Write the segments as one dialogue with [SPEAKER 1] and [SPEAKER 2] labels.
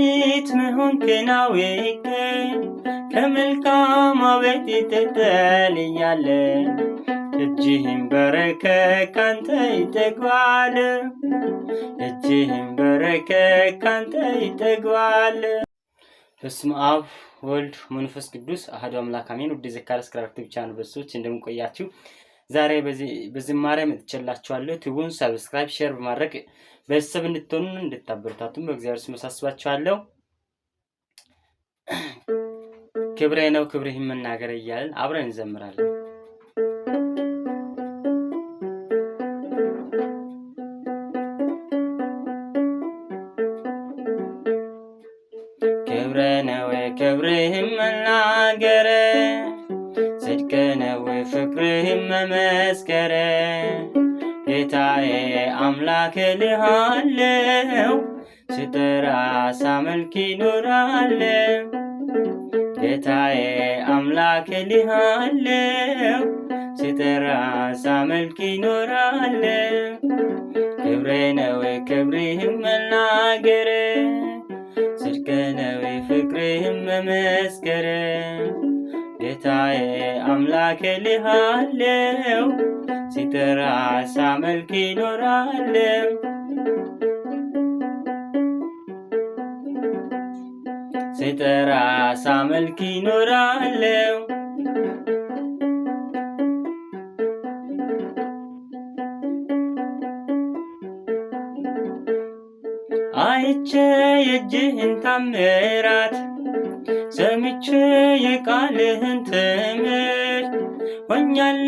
[SPEAKER 1] መድኃኒት መሆንክን አውቄ ከመልካም አቤት ተጠልያለ እጅህም በረከ ካንተ ይጠግባል እጅህም በረከ ካንተ ይጠግባል።
[SPEAKER 2] በስመ አብ ወልድ መንፈስ ቅዱስ አሐዱ አምላክ አሜን። ውድ የዘካርያስ ክራር ቲዩብ ቻናል ቤተሰቦች እንደምን ዛሬ በዝማሬ መጥቼላችኋለሁ። ቲዩቡን ሰብስክራይብ፣ ሼር በማድረግ በሰብ እንድትሆኑ እንድታበረታቱን በእግዚአብሔር ስም አሳስባችኋለሁ። ክብሬ ነው ክብርህን መናገር እያልን አብረን እንዘምራለን። መመስከረ ጌታዬ አምላክ ልሃለው ስጠራ ሳመልክ ይኖራለ ጌታዬ አምላክ ልሃለው ስጠራ ሳመልክ ይኖራለ ክብሬ ነው ክብርህም መናገር አምላክልሃለው ሲጠራ ሳመልክ ይኖራለው ሲጠራ ሳመልክ ይኖራለው አይቼ የእጅህን ታምራት ሰምቼ የቃልህን ትምህርት ሆኛለ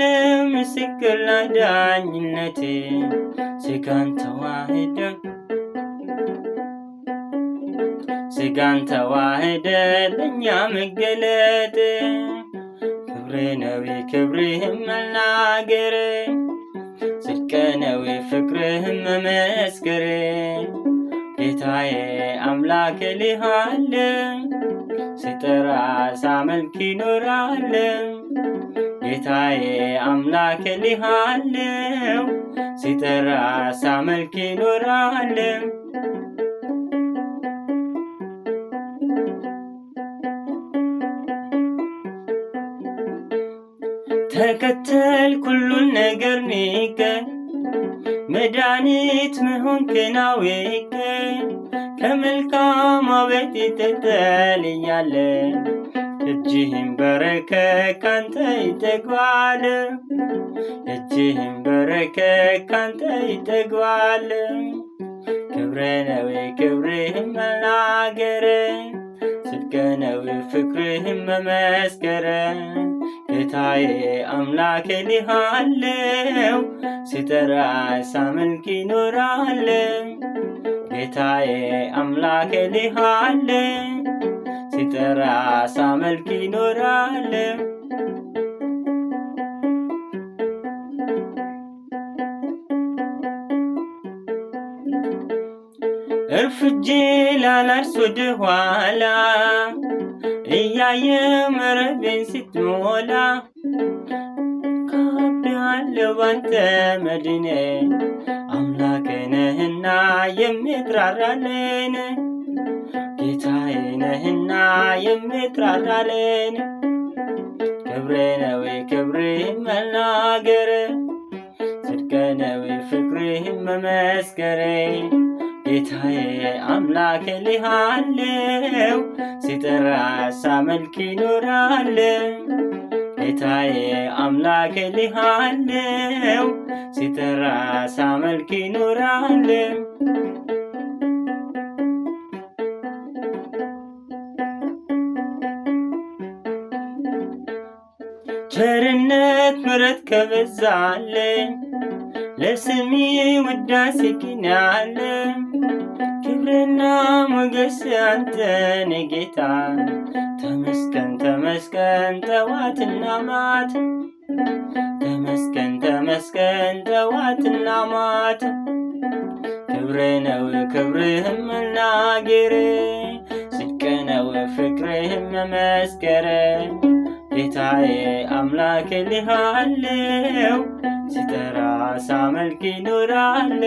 [SPEAKER 2] ምስክር ላዳኝነት ስጋን ተዋህደን ስጋን ተዋህደ ለእኛ መገለጥ ክብር ነዊ ክብርህም መናገር ጽድቅ ነዊ ፍቅርህም መመስከር ጌታዬ አምላክ ልሃለ ስጠራ ሳመልክ ይኖራለም ጌታዬ አምላክ ልሃለው ሲጠራ ሳመልክ ይኖራለው ተከተል ሁሉን ነገር ንገ መድኃኒት መሆንክን አውቄ ከመልካም ቤት ተተለያለ እጅህም በረከት ካንተ ይጠግባል እጅህም በረከት ካንተ ይጠግባል ክብረ ነው መናገረ መናገር ስድቀነው ፍቅርህ መመስከረ ጌታዬ አምላኬ ሊሃለው ሲጠራ ሳመልክ ይኖራለው ጌታዬ አምላኬ ሊሃለ ሲጠራ ሳመልክ ይኖራል። እርፍጄ ላላርስ ወደ ኋላ እያየ መረቤን ስትሞላ አምናለሁ ባንተ መድኔ አምላክነህና የምትራራልን ጌታዬነህና የምትራራልን ክብሬ ነዊ ክብሬ መናገር ነዊ ፍቅሬ መመስከሬ ጌታዬ አምላክ ልሃለው ሲጠራ ሳመልክ ይኖራል ጌታዬ አምላክ ልሃለው ሲጠራ ሳመልክ ይኖራለው ቸርነት ምረት ከበዛለ ለስሚ ውዳሴ ኪናለ ክብርና ሞገስ አንተነ ጌታ ተመስገን ጠዋትና ማት ተመስገን ተመስገን ጠዋትና ማት ክብር ነው ክብርህም መናገር ስድቅ ነው ፍቅርህም መመስከር ጌታዬ አምላክ ልሃለው ሲጠራ ሳመልክ ይኖራለ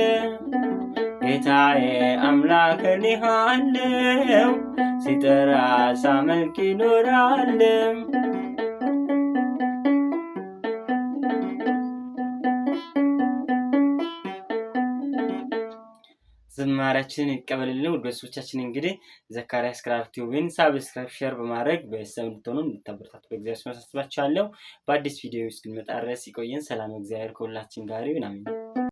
[SPEAKER 2] ጌታዬ አምላክ ልሃለው ሲጠራ ሳመልክ ይኖራል። ዝማሪያችንን ይቀበልልን። ውድ ቤተሰቦቻችን እንግዲህ ዘካሪያስ ክራር ቲዩብን ሳብስክራይብ፣ ሼር በማድረግ በሰብ እንድትሆኑ እንድታበረታቱ በእግዚአብሔር ስም አሳስባችኋለሁ። በአዲስ ቪዲዮ እስክንመጣ ድረስ ይቆየን። ሰላም፣ እግዚአብሔር ከሁላችን ጋር ይሁን። አሜን።